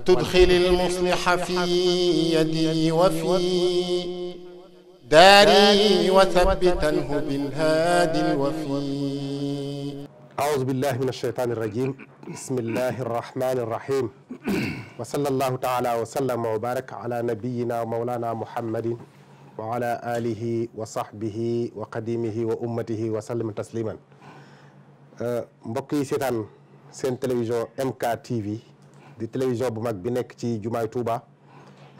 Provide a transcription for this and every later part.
تدخل المصلح في يدي وفي داري وثبتنه بالهادي الوفي أعوذ بالله من الشيطان الرجيم بسم الله الرحمن الرحيم وصلى الله تعالى وسلم وبارك على نبينا مولانا محمد وعلى آله وصحبه وقديمه وأمته وسلم تسليما مبكي سيتان سين تلفزيون MK TV di télévision bu mag bi nekk ci jumaay Touba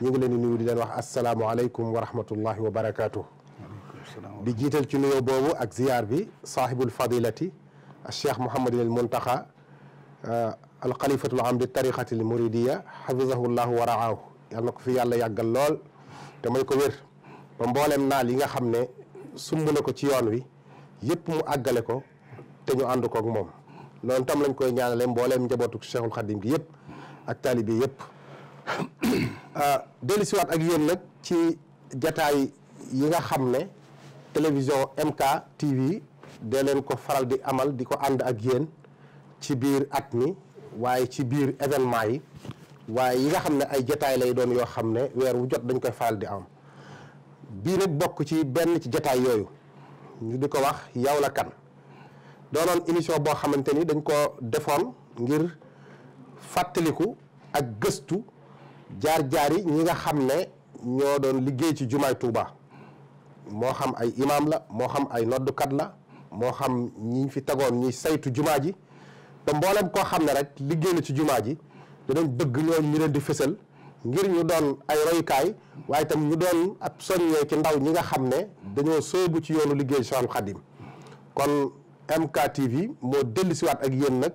ñu ngi leen di nuyu di leen wax asalaamualeykum wa rahmatullahi wa barakaatu. di jiital ci nuyoo boobu ak ziyaar bi sahibul fadilati cheikh Mouhamadin euh, al Muntaxa alxalifatul am di tariqati al muridiya xafizahu llahu wa raahu yal na ko fi yàlla yàggal lool te may ko wér ba mboolem naal yi nga xam ne sumb ko ci yoon wi yëpp mu àggale ko te ñu ànd koog moom loolu tam lañ koy ñaanale mbooleem njabootu cheikhul xadim gi yëpp ak taalibe yëpp ah, dellusiwaat ak yéen nag ci jataay yi nga xam ne télévision MK TV da leen ko faral di amal di ko ànd ak yéen ci biir at mi waaye ci biir événement yi waaye yi nga xam ne ay jataay lay doon yoo xam ne weer wu jot dañ koy faral di am bii nag bokk ci benn ci jataay yooyu ñu di ko wax yow la kan doonoon émission boo xamante ni dañ ko defoon ngir fàttaliku ak gëstu jaar-jaari ñi nga xam ne ñoo doon liggéey ci jumaay Touba moo xam ay imaam la moo xam ay noddukat la moo xam ñi fi tegoon ñuy saytu jumaa ji ba mboolem koo xam ne rek liggéey na ci jumaa ji dinañ bëgg ñooñu ñu leen di fësal ngir ñu doon ay royukaay waaye itam ñu doon ab soññee ci ndaw ñi nga xam ne dañoo sóobu ci yoonu liggéey Cheikhul Khadim kon MK TV moo dellusiwaat ak yéen nag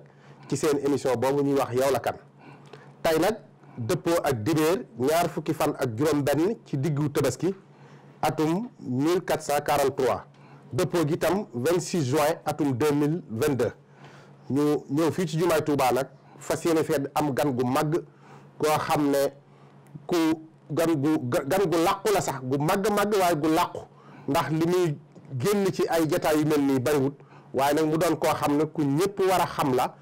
ci seen émission boobu ñuy wax yow la kan tey nag dëppoo ak dibéer ñaar fukki fan ak juróom-benn ci diggu tabaski atum 1443 dëppoo gi itam 26 juin atum mille 2022 ñu ñëw fii ci jumaay Touba nag fas yéene fee am gan gu màgg koo xam ne ku gan gu gan gu làqu la sax gu màgg màgg waaye gu làqu ndax li muy génn ci ay jataay yu mel nii bariwut waaye nag mu doon koo xam ne ku ñëpp war a xam la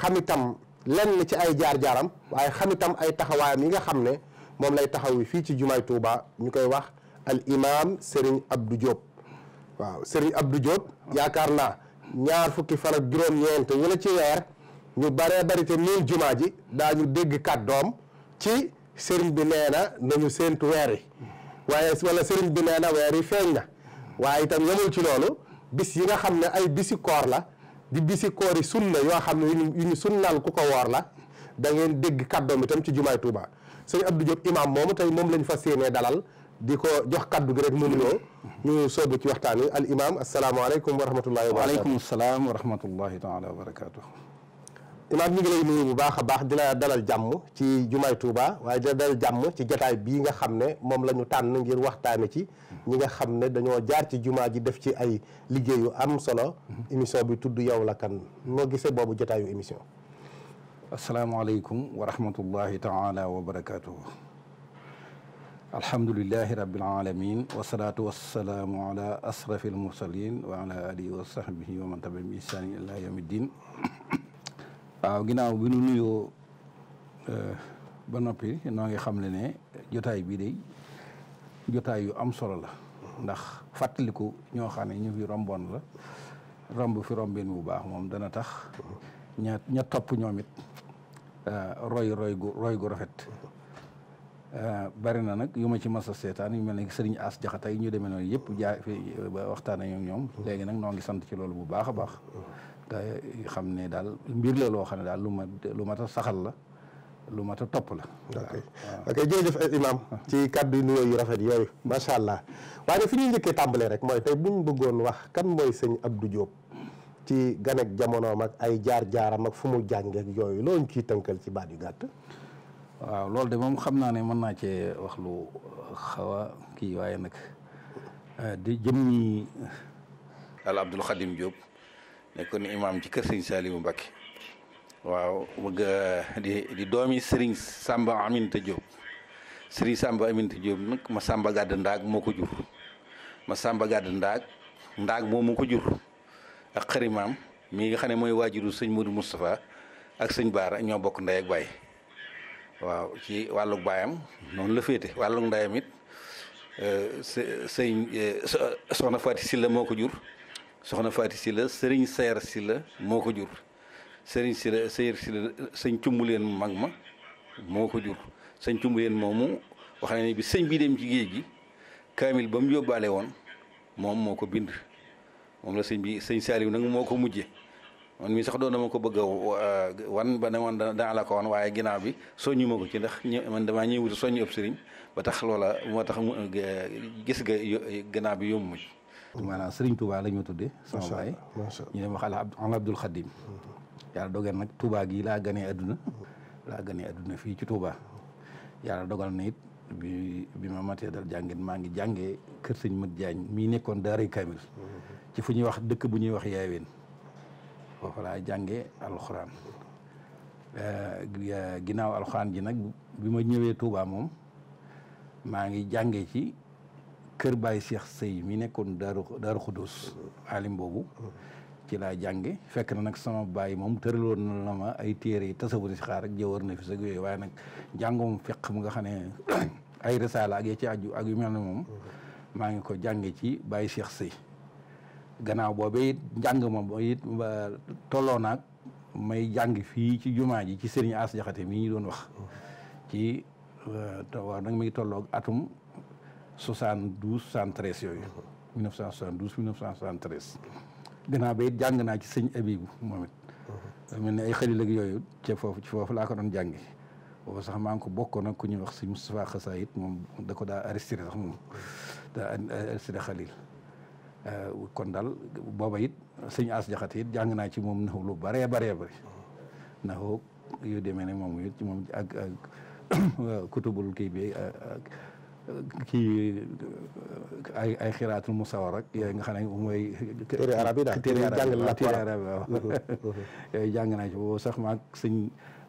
xam itam lenn ci ay jaar-jaaram waaye xam itam ay taxawaayam yi nga xam ne moom lay taxaw fii ci jumaay Touba ñu koy wax al imam Serigne Abdou Diop waaw sëriñ Abdou Diop yaakaar naa ñaar fukki fan ak juróom-ñeent wala ci weer ñu bare bari te miin jumaa ji daañu dégg doom ci sëriñ bi nee na nañu séentu weer yi waaye wala sëriñ bi nee na weer yi feeñ na waaye itam yemul ci loolu bis yi nga xam ne ay bisi koor la di bisi koori sunna yoo xam ne yu ñu sunnaal ku ko woor la da ngeen dégg kàddoom tam ci jumaay Touba sëñ Abdou Diop imam moomu tey moom lañ fa yéenee dalal di ko jox kaddu gi rek mu nuyoo ñu soobu ci waxtaan wi al imam asalaamaaleykum wa rahmatullahi wa barakaatu salaam wa rahmatullahi taala wa barakaatu imaam ñu ngi lay nuyu bu baax a baax di la dalal jàmm ci jumaay Touba waaye di la dalal jàmm ci jataay bii nga xam ne moom lañu tànn ngir waxtaane ci ñi nga xam ne dañoo jaar ci jumaa ji def ci ay liggéeyu am solo émission bi tudd yow la kan noo gisee boobu jataayu émission asalaamaaleykum wa rahmatullahi taala wa barakatuhu alhamdulilahi rabbil alamin wasalaatu wasalaamu ala asrafi almursalin wa ala alihi wa sahbihi wa man tabiahum bi ihsanin ila yawmi waaw ginnaaw bi nu nuyoo euh, ba noppi noo ngi xam le ne jotaay bii de jotaay yu am solo la ndax fàttaliku ñoo xam ne ñu fi romboon la romb fi rombin bu baax moom dana tax ña ña topp ñoom it euh, roy roy gu gu rafet euh, bari na nag yu ma ci masa seetaan yu mel ne sëriñ As Jaxate yi ñu demee noonu yëpp jaa fi waxtaan ak ñoom léegi nag noo ngi sant ci loolu bu baax a baax te xam ne daal mbir la loo xam ne daal lu ma lu mat a saxal la lu mat a topp la. ok ok jërëjëf imam ah. ci kàddu yu nuyoo yu rafet yooyu macha allah waaye fi ñuy njëkkee tàmbalee rek mooy tey bu bëggoon wax kan mooy sëñ Abdou Diop. ci ganek jamonoom ak ay jaar-jaaram ak fu mu jàngeek yooyu loolu ciy tënkal ci baat yu gàtt. waaw loolu de moom xam naa ne mën naa cee wax lu xaw kii waaye nag di jëm ñi. al Abdoul Khadim Diop. nekkoon imaam ci kër sëñ Saliou Mbacké waaw bëgg eh, di doomi Serigne Samba Aminta Diop Serigne Samba Aminta Diop nag ma Samba gàdd ndaag moo ko jur ma Samba gàdd ndaag ndaag moomu ko jur ak xarimaam mi nga xam ne mooy waajuru sëñ Modou Moustapha ak sëñ Baara ñoo bokk ndey ak baay waaw ci wàllug baayam noonu la féete wàllug ndeyam it eh, sëñ eh, soxna Faati Silla moo ko jur. soxna Faati Sylla sëriñ Seer Sylla moo ko jur sëriñ Sylla Seer Sylla sëñ leen mag ma moo ko jur sëñ cumbuleen moomu wax na ne bi sëñ bi dem ci géej gi kaamil ba mu yóbbaale woon moom moo ko bind moom la sëñ bi sëñ Saaliw nag moo ko mujje man mii sax doon dama ko bëgg a wan ba ne man dana la ko wan waaye ginnaaw bi soññu ma ko ci ndax man damaa ñëwuti soññu ëpp sëriñ ba tax loola moo tax gis ga ginnaaw bi yomb maanaam Serigne Touba la ñu tuddee sama baay ñu dem wax al Abdul Xadim yàlla dogal nag Touba gii laa ganee adduna mhm. laa ganee adduna fii ci Touba yàlla dogal na it bi ma matee dal jàngit maa ngi jànge kër sëñ Mat Jaañ mii nekkoon daaray Kamil mhm. ci fu ñuy wax dëkk bu ñuy wax yaaween foofu laa jàngee alxuraan eh, ginnaaw alxuraan ji nag bi ma ñëwee Touba moom maa ngi jàngee ci kër Baye Cheikh Sey mi nekkoon Daaru Daaru Xudus alim boobu ci laa jànge fekk na nag sama baay moom tëraloon na ma ay téere yi tasawur si xaar na fi sag waaye nag jàngoom feq mu nga xam ne ay risaala ci aju ak yu mel ne moom maa ngi ko jànge ci Baye Cheikh Sey gannaaw booba it njàng ma it tolloo naag may jàng fii ci jumaa ji ci Serigne As Jaxate mi ñu doon wax ci euh, waaw nag mi tolloog atum 72 73 yooyu 1972 1973 gannaaw ba it jàng naa ci sëñ Abibu moom it mel ni ay xalil ak yooyu ca foofu ci foofu laa ko doon jàngi boobu sax maa ngi ko bokkoon ku ñuy wax sëñ Moustapha Xasaayit moom da ko daa arrêté sax moom daa arrêté xalil euh, kon daal booba it sëñ As Jaxate it jàng naa ci moom naxu lu bëree bëree bëri naxu demee ne moom it moom ak kutubul kii bi ak kii ay ay xiraatul musawar ak yooyu nga xam ne mooy. téere arab yi daal téere arab yi waaw mhm, mhm. yooyu jàng ci boobu sax maag sëñ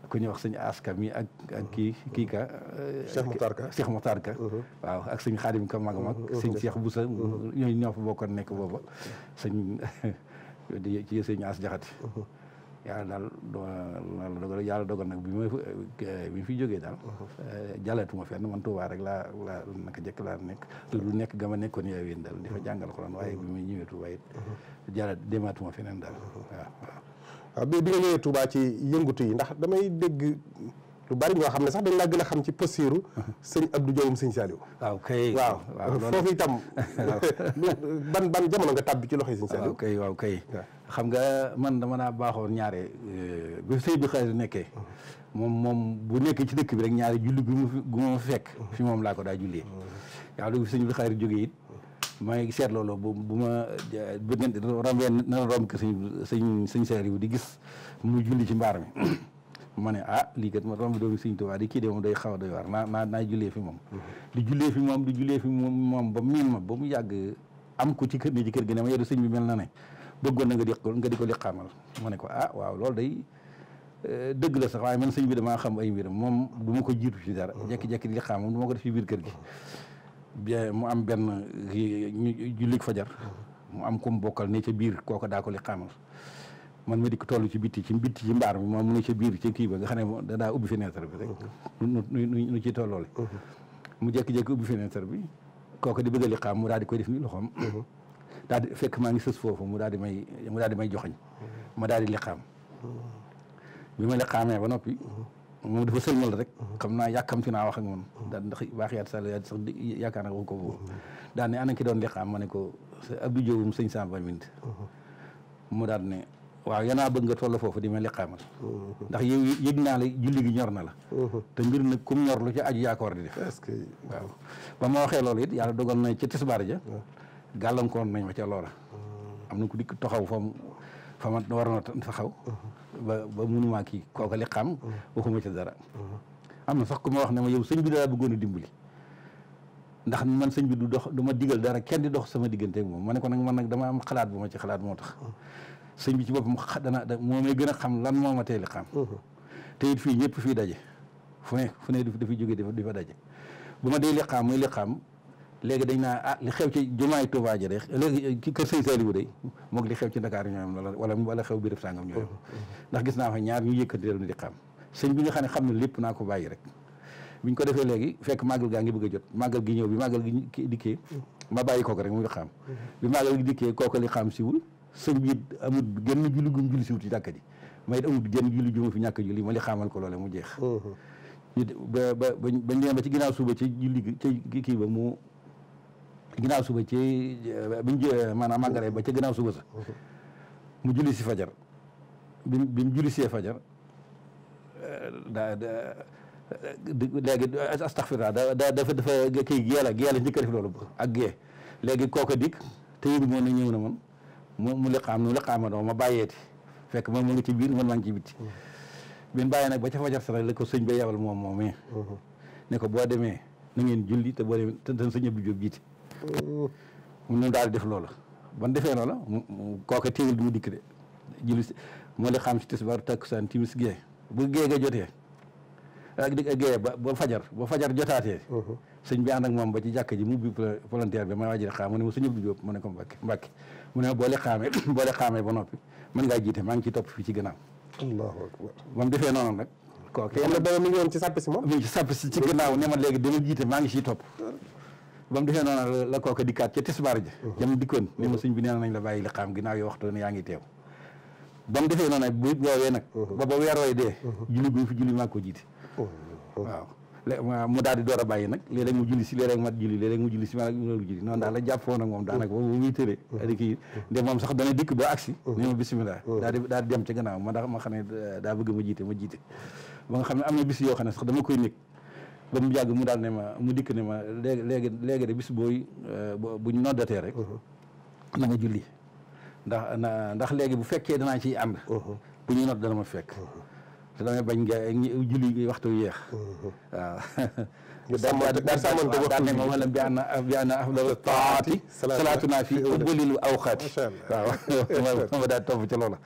ku ñuy wax sëñ aska mi ak kii mhm, kii ka. mu tarka Ka mu Moutar Ka. waaw ak sëñ Xaadim Ka mag mag. sëñ Cheikh Boussa ñooñu ñoo fa bokkoon nekk booba sëñ di ci sëñ As Jaxate yàlla daal doo la dogal nag bi ma eh, bi fi jógee daal uh-huh. eh, jàllatuma fen man Tuubaa rek laa laa naka laa nekk uh-huh. lu nekk ga ma nekkoon yaay wéen daal di fa uh-huh. jàngal xuraan waaye bi ma ñëwee Tuubaa it ci yëngutu yi ndax damay dégg lu bari ñoo xam ne sax dañ laa gën a xam ci posture sëñ Abdou Diom sëñ Saliou waaw kay waaw foofu itam ban ban jamono nga tàbbi ci loxoy sëñ Saliou xam nga man dama naa baaxoon ñaare euh, bi sëy bi xaalis nekkee moom moom bu nekkee ci dëkk bi rek ñaare julli bi mu ma fekk fi moom laa ko daa jullee yaa lu sëñ bi xaalis jógee maa ngi seet loolu bu bu ma bëgg rombee nana romb ko sëñ sëñ sëñ seer yi di gis mu julli ci mbaar mi ne ah lii kat ma romb doomi sëñ di kii de day xaw a doy waar fi moom di jullee fi moom di jullee fi moom moom ba miin ma ba mu yàgg am ko ci kër ne ci kër gi ne ma yeddu sëñ bi mel na ne bëggoon na nga di nga di ko liqaamal ma ne ko ah waaw loolu day eh, dëgg la sax waaye man sëñ bi damaa xam ay mbiram moom du ma ko jiitu ci dara mm-hmm. jekki-jekki di liqaamal du ma ko def ci biir kër gi mm-hmm. bien mu am benn eh, jullig fajar mm-hmm. mu am kum bokkal ne ca biir kooka daa ko man ma di ko toll ci bitti ci bitti ci mbaar mi moom mu ne ca biir ci kii ba nga xam ne da daa ubbi fenêtre bi rek nu nu ci tolloole mu jekki-jekki ubbi fenêtre bi kooka di bëgg a liqaam mu daal di koy def ni loxoom daal fekk maa ngi sës foofu mu daal di may may joxañ ma daal di liqaam bi ma liqaamee ba noppi moom dafa sëlmal rek xam naa ti naa wax ak moom daal ndax baax yaakaar naa ko boobu daal ne ana ki doon liqaam ma ne ko Abdou Diowum sëñ Samba Mint mu daal ne waaw yanaa bëgg nga toll foofu di ma liqaamal ndax yow yëg naa la julli gi ñor na la te mbir nag kum ñor lu ci aju yaa di def ba ma waxee loolu it yàlla dogal na ci tisbaar ja gàllankoor nañ ma ca loola. am na ku dikk taxaw fa mu fa ma waroon a ba ba kii kooka li xam. waxuma ca dara. am na sax ku ma wax ne ma yow sëñ bi daa bëggoon a dimbali. ndax man sëñ bi du dox du digal dara kenn di dox sama diggante moom ma ne ko nag nag dama am xalaat bu ma moo tax. sëñ bi ci boppam xa dana moo may gën a xam lan moo ma teel a xam. te it fii ñëpp fii daje fu ne fu ne dafay jóge di fa daje bu ma dee liqaam muy liqaam léegi dañ naa ah li xew ci jumaay Touba ji de léegi ci kër Sëñ Saliou de moom li xew ci Dakar ñoom la wala wala xew birëb sàngam ñoo ndax gis naa fa ñaar ñu yëkkati dellu di xam sëñ bi nga xam ne xam ne lépp naa ko bàyyi rek biñ ko defee léegi fekk màggal gaa ngi bëgg a jot màggal gi ñëw bi màggal gi dikkee ma bàyyi kooku rek mu xam bi màggal gi dikkee kooku li xam siwul sëñ bi amul genn julli gum julli siwul ci jàkka ji may it amul genn julli juma fi ñàkk julli ma li xamal ko loole mu jeex ñu ba ba bañ ba ci ginnaaw suba ci julli ci kii ba mu ginnaaw suba ci euh, biñ maanaam màggare ba ca ginnaaw suba sa mu julli si fajar bi bi mu julli see fajar euh, daa léegi astaxfirullah da da dafa dafa kii geel a geel a njëkk a def loolu ak gee léegi kooka dikk te yëgu moon na ñëw na man mu mu liqaam nu ma doo ma bàyyeeti fekk moom mu ngi ci biir man maa ci bitti mm. bin bàyyi nag ba ca fajar sa nag la ko sëñ ba yebal moom moomee mm-hmm. ne ko boo demee na ngeen julli te boo demee te sëñ bi jóg mu daal di def loola ban defee loola mu kooka téegal du mu dikk de julli moo li xam si tisbaar takkusaan timis gee bu gee ga jotee ak ah, di ah, gee ba ba fajar ba fajar jotaatee uh-huh. sëñ bi ànd ak moom ba ci jàkk ji mu ubbi volontaire bi may waajiri xaam mu ma suñu Abdou Diop ma ne ko mbàkke mbàkke mu ne boole xaamee boole xaamee ba noppi mën ngaa jiite maa ngi ci topp fii ci gannaaw allahu akbar moom defee noonu nag kooku yàlla doon mi ngi woon ci sàpp si moom mi ngi ci sàpp si ci gannaaw ne léegi dama jiite maa ngi ciy topp ba defee noonu la kooka dikkaat ca tisbaar ja mhm. jam dikkoon ni ma mhm. sëñ bi nee nañ la bàyyi liqaam ginnaaw yoo waxtu ne yaa ngi teew ba mu defee noonu bu woowee nag mhm. ba ba dee julli bi fi julli maa ko jiite waaw mu a bàyyi nag léeg-léeg mu julli si léeg-léeg mat julli mu julli si ma loolu julli noonu daal la jàpp foofu nag moom daanaka boobu de moom sax dana dikk ba agsi ni ma bisimilah daal di daal dem ca ganaaw ma ndax ma xam ne daa bëgg ma jiite ma jiite ba nga xam ne am na bis yoo xam ne sax dama koy nekk ba mu yàgg mu daal ne ma mu dikk ne ma léegi léegi léegi de bis booy euh, buñ noddatee rek uh-huh. na nga julli ndax na ndax léegi bu fekkee danaa ciy ànd uh-huh. bu ñu nodd dana ma fekk uh-huh. te damay bañ nga julli waxtu yeex waaw daane ma wala biana biana afdal taati salaatu naa fi ëbbalilu awxaati daal topp ca loola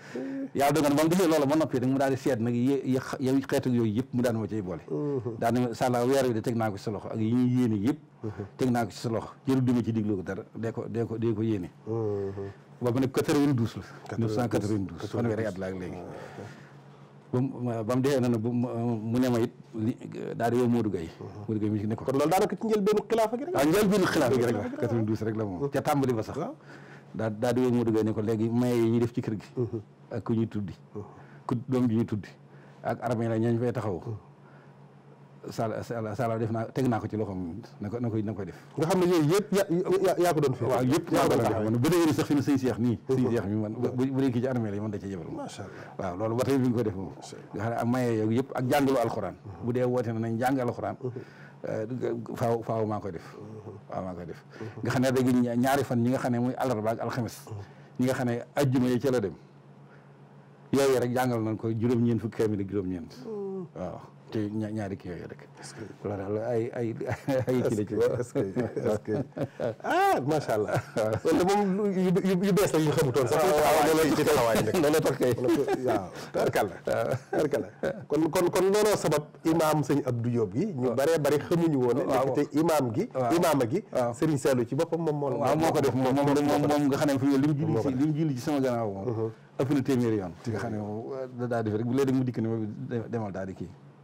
yàlla dogal ba mu defee loola ba noppi nag mu daal di seet nag yi yow xeetu yooyu yëpp mu daan ma cay boole uhuh. daane sàlla weer wi de teg naa ko ci sa loxo ak yi ñuy yéene uhuh. teg naa ko ci sa loxo dima ci digloo ko dara dee ko dee ko dee ko yéene uhuh. boobu nag 92 la 1992 fanweeri at la ak léegi ba mu ba mu dee na mu ne ma it li daal di yow Modou Gueye. Modou Gueye mi ci nekkoon. kon loolu daanaka ci njëlbeenu xilaafa gi rek. waaw ah, njëlbeenu xilaafa gi rek la 92 rek tàmbali ba sax. daa daal di yow Modou Gueye ne ko léegi maye yi ñuy def ci kër gi. ak ku ñuy tuddi. ku doom ji ñu tuddi. ak armée la ñooñu fay taxaw Sala Sala Sala def naa teg naa ko ci loxoom na ko na koy def. nga xam ne yooyu yëpp ya yaa ko doon fi. waaw yëpp yaa ko doon def man bu dee sax fi mu sëñ Seex nii. sëñ Seex mi man bu dee kii ci armée la man da cee jëbal. macha allah waaw loolu ko def moom. Eh, faaw faaw maa koy def. waaw maa def. nga xam ne rek ñaari fan ñi nga xam ne muy àllarba ak alxames. ñi nga xam ne ajjuma yi la dem. yooyu rek jàngal nañ ko juróom-ñeent fukki kaamil ak juróom-ñeent waaw te ñaari kii yooyu rek. est-ce que loolu ay ay ay kii la ci. est-ce que est-ce que ah macha allah. loolu moom la yu xamutoon sax. waaw waaw ci taxawaay rek tax kay. waaw la tarkal la kon kon kon looloo sabab imaam sëñ Abdou Diop gi. ñu baree bari xamuñu woon. waaw te imaam gi. waaw imaama gi. waaw Serigne Saliou ci boppam moom moo. waaw ko def moom moom moom nga xam ne fi mu ne li mu julli ci ëpp na téeméeri yoon. ci nga xam ne moom daa def rek bu léegi mu dikk ne moom demal daal kii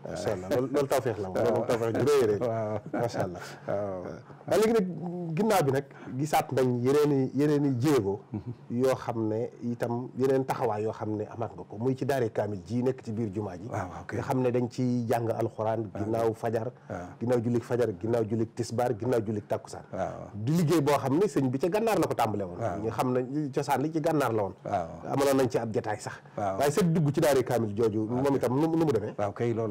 macha allah loolu loolu tawfeex la moom loolu tawfeex ju rëy allah waaw léegi nag ginnaaw bi nag gisaat nañ yeneen i yeneen i jéego yoo xam ne itam yeneen taxawaay yoo xam ne amaat nga ko muy ci daare kaamil ji nekk ci biir jumaa ji nga xam ne dañ ci jàng alxuraan ginnaaw fajar ginnaaw jullik fajar ginnaaw jullik tisbaar ginnaaw jullik takkusaan di liggéey boo xam ne sëñ bi ca gànnaar la ko tàmbale woon ñu xam ne cosaan li ci gànnaar la woon amaloon nañ ci ab sax waaye seen dugg ci daare kaamil jooju moom itam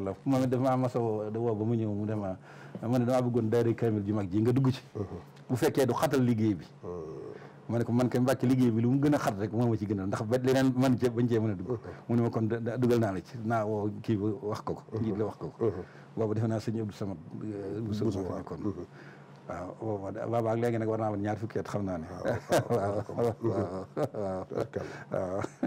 la moom it dafa maa mos a woo woo ba mu ñëw mu dem ma ne damaa bëggoon daara kamil ju mag ji nga dugg ci. bu fekkee du xatal liggéey bi. ma ne ko man kay mbàcc liggéey bi lu mu gën a xat rek moo ma ci gënal ndax ba leneen man cee bañ cee mën a dugg. mu ne ma kon dugal naa la ci naa woo kii wax ko ko. njiit la wax ko ko. Mhm. boobu defe naa sëñ Abdou Samad. Eh, bu sama nekkoon. Mhm. waaw booba booba ak léegi nag war naa am ñaar fukki at xam naa ne. waaw waaw waaw.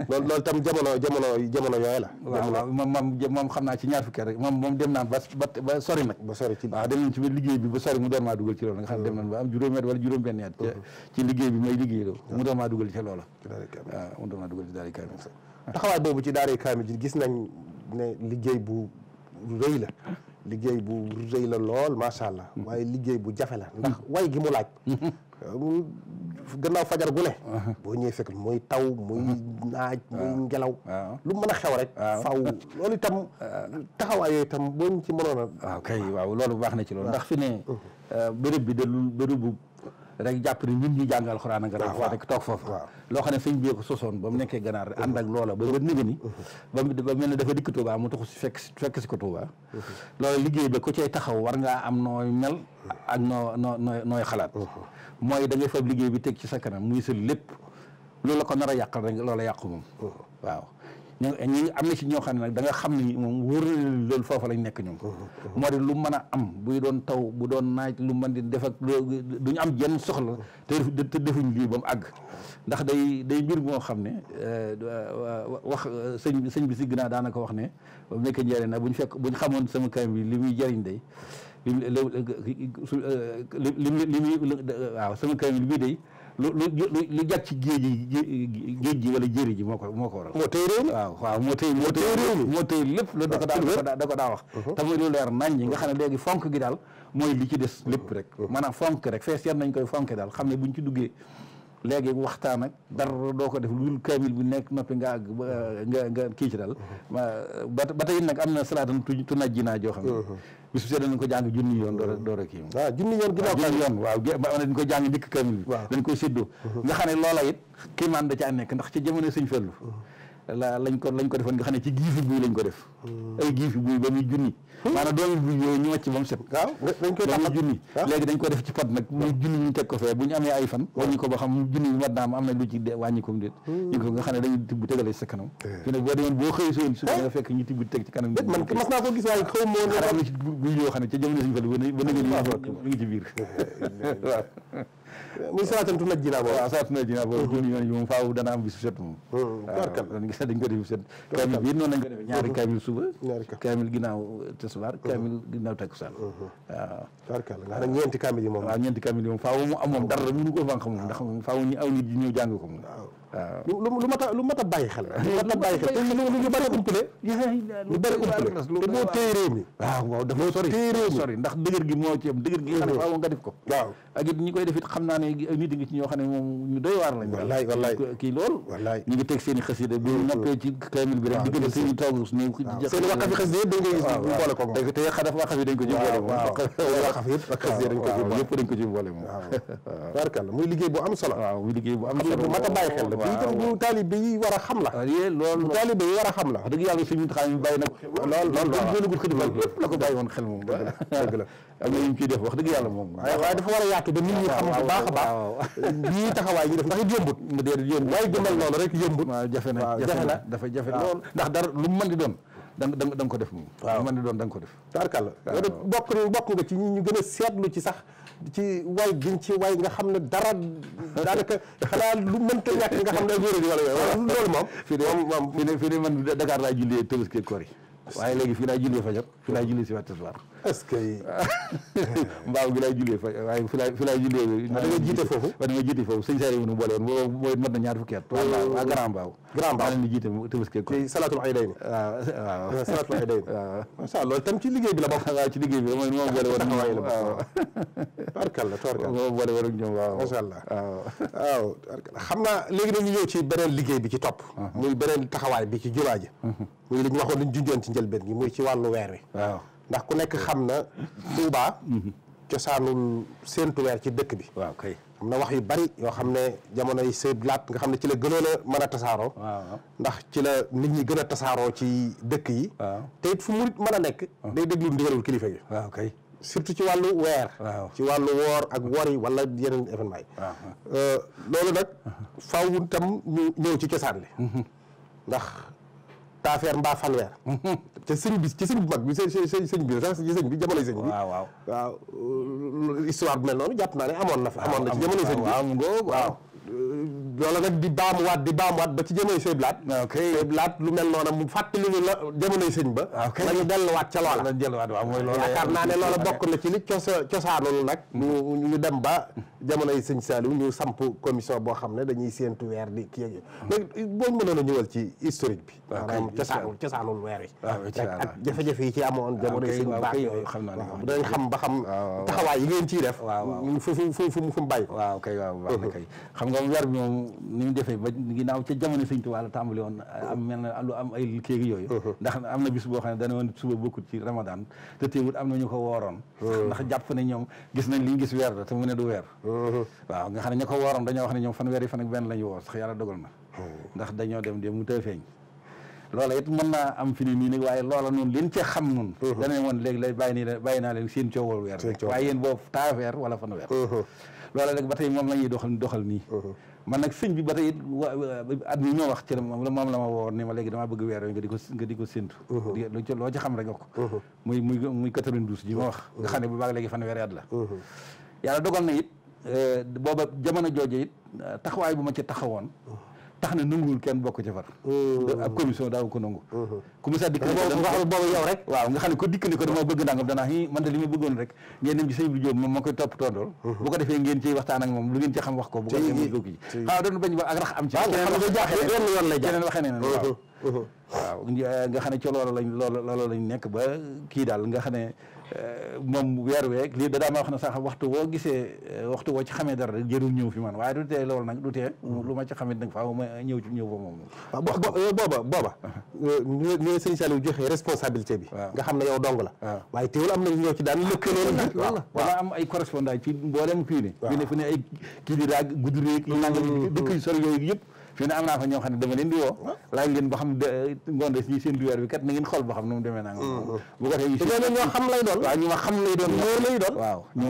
loolu loolu tam jamono jamono jamono yooyu la. waaw waaw moom moom moom xam naa ci ñaar fukki at rek moom moom dem naa ba ba sori nag. ba sori ci waaw dem nañ ci liggéey bi ba sori mu doon maa dugal ci loolu nga dem nañ ba am juróomi at wala juróom-benni at. liggéey bi may liggéey mu doon maa dugal ci loola. waaw mu doon maa dugal ci daari kaamil. taxawaay boobu ci daari kaamil ji gis na liggéey bu rëy la liggéey bu rëy la lool macha allah. Mm-hmm. waaye liggéey bu jafe la ndax mm-hmm. way gi mu laaj. Mm-hmm. gannaaw fajar gu uh-huh. boo ñëwee fekk muy taw muy uh-huh. naaj muy uh-huh. ngelaw. lu mën a xew rek. faaw loolu itam taxawaay itam boo ñu ci mënoon a. waaw ah, kay waaw loolu baax na ci lool ndax fi ne uh, béréb bi de lu bérébu. rek jàpp ni ñun ñu jàng alxuraan ak raw rek toog foofa loo xam ne sëñ bi ko sosoon ba mu nekkee ganaar uhuh. ànd ak loola ba ba néga ni uhuh. ba ba mel ne dafa dikk Touba mu taxu si fekk fekk si ko Touba uhuh. loolu liggéey ba ko cay taxaw war ngaa am nooy mel ak noo noo nooy nooy xalaat mooy da ngay fab liggéey bi teg ci sa kanam muy sa lépp loolu la ko nar a yàqal rek loola yàqu moom waaw ñu ñi am na ci ñoo xam ne nag da nga xam ni moom wóor na loolu foofa lañ nekk ñoom moo di lu mën a am buy doon taw bu doon naaj lu mën di def ak duñu am jenn soxla te te defuñ lii ba mu àgg ndax day day mbir moo xam ne wax sëñ bi sëñ bi si ginnaaw daanaka wax ne ba mu nekk njëriñ nag buñ fekk buñ xamoon sama kayam bi li muy jëriñ day li li li muy waaw sama bi li muy day lu lu lu jag ci géej gi géej gi wala jëri ji moo ko moo ko moo tey réew mi waaw waaw moo tey lépp tey réew daal moo tey lépp loolu da ko daa da ko daa wax uh-huh. te muy lu leer nañ ñi nga xam ne léegi fonk gi daal mooy li ci des lépp rek uh-huh. maanaam fonk rek fees yar nañ koy fonk daal xam ne buñ ci duggee léegi waxtaan ak dara doo ko def lu dul kaamil bi nekk noppi nga àgg nga nga kii ci dal ba ba tey nag am na salaatan tu tu najji naa joo xam ne bis bu danañ ko jàng junni yoon door a door a kii waaw ah, junni yoon ginnaaw ah, junni yoon waaw dañ ko jàng njëkk kaamil bi dañ koy séddoo nga xam ne loola it kii maan da ca nekk ndax ci jamono sëñ Fallu la lañ ko lañ ko defoon nga xam ne ci giifi buy lañ ko def ay giifi buy ba muy junni maanaam doomi buy yooyu ñu wàcc ba mu set ah, ba muy junni ah. léegi dañ ko def ci pot nag ah. muy junni ñu teg ko fee bu ñu amee ay fan wàññi ko ba xam junni bi mat naam am na lu ci wàññi ko mu déet hmm. ñu ko nga xam ne dañuy tibb tegale ci sa kanam eh. fi nag boo boo xëy seen suuf nga fekk ñu tibb teg ci kanam eh, man mas naa ko gis waaye xaw moo xam ne ca jamono suñu fa ngi ci biir eh, muy salaatan tu najjinaa boobu waaw salaatan tu najjinaa boobu mm-hmm. julli yoon yi moom faaw dana am bisu set moom mm-hmm. barkal dañ noonu lañ mm-hmm. kaamil suba kaamil ginnaaw tisbaar am moom dara mënu ko fànq moom ndax aw nit ñi ñëw jàng ko moom lu lu mat a lu mat a bàyyi xel lu mat a bàyyi xel lu bëri umpale lu bëri umpale te boo téye réew mi waaw waaw dafa sori téye réew mi sori ndax dëgër gi moo ci ñi koy def it xam i xasida bi noppee ci kaamil bi rek diggante seen i toog ni seen waxaf yi xasida dañ koy gis ñu boole ko moom te xadaf waxaf yi dañ ko ci boole moom barkal muy liggéey bu am muy liggéey bu am solo bu mat a xel waaw itam bu taalibe yi war a xam la loolu taalibe yi war a xam la wax dëgg yàlla suñu taxaw mi bàyyi na ko lool lool jëlagul xëy na lépp la ko bàyyi woon xel moom dëgg la am na ñu ciy def wax dëgg yàlla moom waaye dafa war a yaatu ba nit ñi xam bu baax a baax ñii taxawaay yi def ndax it yombut mu dee yombut waaye gëmal loolu rek yombut waaw jafe na jafe na dafa jafe lool ndax dara lu mu mën di doon da nga da nga ko def moom lu mën di doon da nga ko def tarkal la bokk bokk nga ci ñi ñu gën a seetlu ci sax ci way gën ci way nga xam ne dara daanaka xanaa lu mënta ñàkk nga xam ne wér di wala yooyu loolu moom fii de moom fii de fii de man Dakar laa jullee Tabaski koor yi waaye léegi fii laa jullee fajar fii laa jullee si waat tisbaar est-ce que mbaaw gi laay jullee fa waaye fi laay fi laay ah, jiite foofu da nga jiite foofu sëñ Saaliw nu boole ñaar fukki at waa oh, grand mbaaw grand mbaaw leen ci ah, ah, tam ci liggéey bi la bokk waaw ci liggéey bi mooy moom boole woon waaw ak ñoom waaw masha Allah xam naa léegi ci beneen liggéey bi ci topp uh-huh. muy beneen taxawaay bi ci jumaa ji uh-huh. muy li ñu waxoon liñ junjoon ci njëlbeen gi muy ci wàllu weer wi waaw ndax ku nekk xam na Touba. cosaanul séentu weer ci dëkk bi. waaw na wax yu bari yoo xam ne jamono yi sëb laat nga xam ne ci la gënoon a mën a tasaaroo. ndax ci la nit ñi gën a tasaaroo ci dëkk yi. te it fu murit mën a nekk. Ah. day déglu ndigalul kilifa gi. waaw surtout ci wàllu weer. ci wàllu woor ak wor yi wala yeneen événement yi. Ah, ah. Euh, loolu nag faaw tam ñu ñëw ci cosaan li. Mm-hmm. ndax taafeer mbaa fanweer te sëñ bi ci sëñ bu mag bi sëñ sëñ sëñ bi sax ci sëñ bi jamonoy sëñ bi waaw waaw waaw histoire mel noonu jàpp naa amoon na fi amoon na ci jamonoy bi Euh, loola nag di baamuwaat di baamuwaat ba ci jamonoy Sëñ Blaat. Ah, ok Sëñ Blaat lu mel noonu mu fàttali ñu la jamonoy sëñ ba. Ah, ok la ñu delluwaat ca loola. la ñu delluwaat waaw mooy loola yaakaar naa ne loola bokk na ci li cosaanul nag. ñu dem ba jamonoy sëñ Saliou ñu samp commission boo xam ne dañuy séentu weer di ki ak léegi boo mënoon a ñëwal ci historique bi. waaw ah, maanaam cosaanul cosaanul weer wi. waaw ak jafe-jafe yi ci amoon. jamonoy sëñ baax yooyu xam naa ne dañ xam ba xam taxawaay yi ngeen ciy def. waaw waaw fu fu fu mu bàyyi. nga weer bi moom ni mu defee ba ginnaaw ca jamono Sëñ Tuubaa la tàmbali woon am mel na lu am ay kéegi yooyu uh-huh. ndax am na bis boo xam ne dana woon suba bokkut ci ramadan te teewut am na ñu ko wooroon uh-huh. li ñu gis weer la te mu ne du weer uh-huh. waaw nga ña ko wooroon dañoo wax na ndax dañoo dem dem mu tëy feeñ loola it mën naa am fi ne nii nag waaye loola noonu liñ ca xam noonu danañ woon léegi lay bàyyi nii bàyyi naa leen seen coowal weer waaye yéen boobu taa weer wala fan weer loola nag ba tey moom la ñuy doxal doxal nii uh-huh. man nag sëñ bi ba tey at mi ñoo wax ci moom la ma woo ni ma léegi damaa bëgg weer nga di ko nga di ko séntu uh-huh. loo ci xam rek ko uh-huh. muy muy muy 92 ji ma wax nga xam ne bu baax léegi fan weeri at la yàlla dogal na it eh, booba jamono jooju it taxawaay bu ma ci taxawoon tax na nanguwul kenn bokk ci far oh. ab commission daaw ko nangu uh-huh. ku sa dikk waaw nga xam ne ko dikk ne ko dama bëgg ndàngam danaa i man de li ma bëggoon rek ngeen dem uh-huh. defee ngeen ciy waxtaan ak moom lu ngeen ci xam wax ko bu ko defee mu doon bañ ba ak rax am ci keneen waxee ne waaw uh-huh. Eh, nga xam ne ci loolu lañ loolu lañ nekk ba kii daal nga xam ne Euh, moom weer week lii da ma wax na sax waxtu woo gisee euh, waxtu woo ci xamee dara rek jërul ñëw fi man waaye du tee loolu nag lu ma ci xamit nag faaw ma ñëw ci ñëw ba moom waaw euh, booba booba ñu ne sëñ Saliou joxe responsabilité bi nga xam ne yow dong la waaye teewul am na ñoo ci daan lëkkaloon ah, waaw dama am ay correspondant ci mboolem kii ne fi ay kii di daa gudd réeg mm. nanga dëkk yu sori yooyu yëpp fii ne am naa fa ñoo xam ne dama leen di woo ah. laaj leen ba xam ngoonde si seen duweer bi kat na ngeen xool ba xam nu mu demee naa mm. bu ko defee ñoo xam lay doon waaw ñu ma xam lay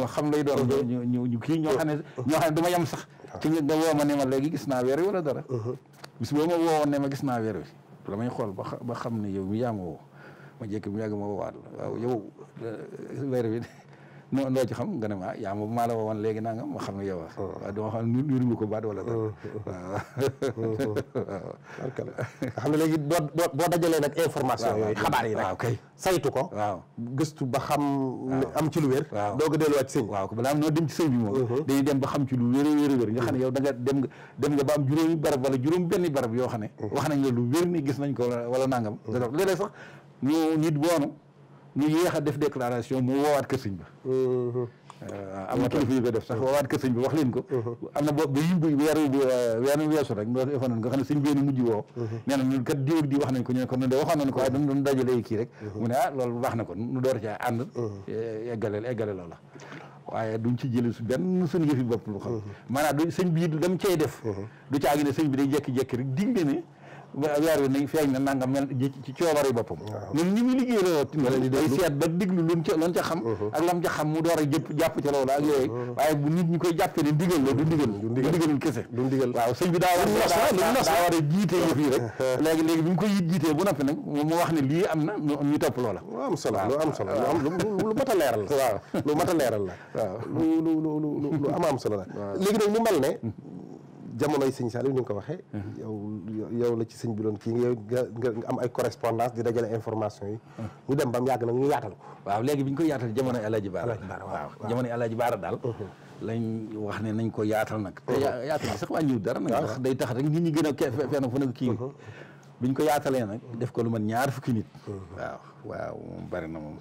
xam lay doon mm-hmm. ñu ñu kii ñoo xam ne ñoo ne dama yem sax ah. ci nga woo ma ne ma léegi gis naa weer wi wala dara mm-hmm. bis boo ma woowoon ne ma gis naa weer wi may xool ba ba xam ne yow mi yaa ma woo ma jékki mu yàgg ma woowaat la waaw yow euh, weer bi moo loo ci xam nga ne ma yaa ma maa la woon léegi nangam ma xam ne yow wax ah. waaw dama xam ne niru ko baat wala ah. Ah. nga xam ne léegi boo boo dajalee nag information yooyu xabaar yi nag kay saytu ko waaw gëstu ba xam am ci lu wér waaw doog a delluwaat sëñ waaw balaa am noo dem ci sëñ bi moom uh-huh. dañuy dem ba xam ci lu wér a wér a nga xam ne yow da dem nga dem nga ba am juróomi barab wala juróom benn barab yoo xam ne uh-huh. wax nañ la lu wér ni gis nañ ko wala nangam uh-huh. léeg sax ñu nit ñu yéex def déclaration mu woowaat kër sëñ ba mm-hmm. am na kilifa yu ko def sax woowaat kër sëñ bi wax leen ko mm-hmm. am na bo bu bu weeru bi weeru weesu rek nga defoon xam ne sëñ bi mujj woo mm-hmm. nee na ñun kat diw wax nañ ko ñu ne ko noonu de waxoon nañ ko waaye doon dajale kii rek mu ne ah loolu baax na ko nu door caa ànd e, eggale eggale loola waaye duñ ci jëli su benn suñu yëfi bopp lu xam maanaa du sëñ bi du dam cay def du ca ne sëñ bi day jekki-jekki rek digle ne weer wi nañ feeñ na nangam mel ci coobari boppam ñun ñi muy liggéey loo day seet ba diglu luñ uh-huh. mu door a jëpp jàpp ca uh-huh. bu nit ñi koy jàppee ne ndigal la du ndigal du ndigalul kese du ndigal waaw sëñ bi daa jiite fii rek uh-huh. léegi léegi bi ñu koy jiitee bu noppi nag mu wax ne lii am na ñu topp loola lu am solo lu am solo lu mat a leeral la waaw lu mat a leeral la lu lu lu lu am am solo la léegi nag mu mel ne hmm. jamonoy sëñ Saliou ni nga ko waxee. yow la ci sëñ bi doon kii nga nga am ay correspondance di dajale information yi. ñu dem ba mu yàgg nag ñu yaatal ko. waaw léegi bi ñu ko yaatal jamono El Hadj Baara. waaw jamono El Hadj Baara daal. lañ wax ne nañ ko yaatal nag. te yaatal bi sax wàññiwul dara nag. day tax rek nit ñi gën a kii fenn fu ne kii. biñ ko yaatalee nag def ko lu man ñaar fukki nit waaw waaw moom bari na moom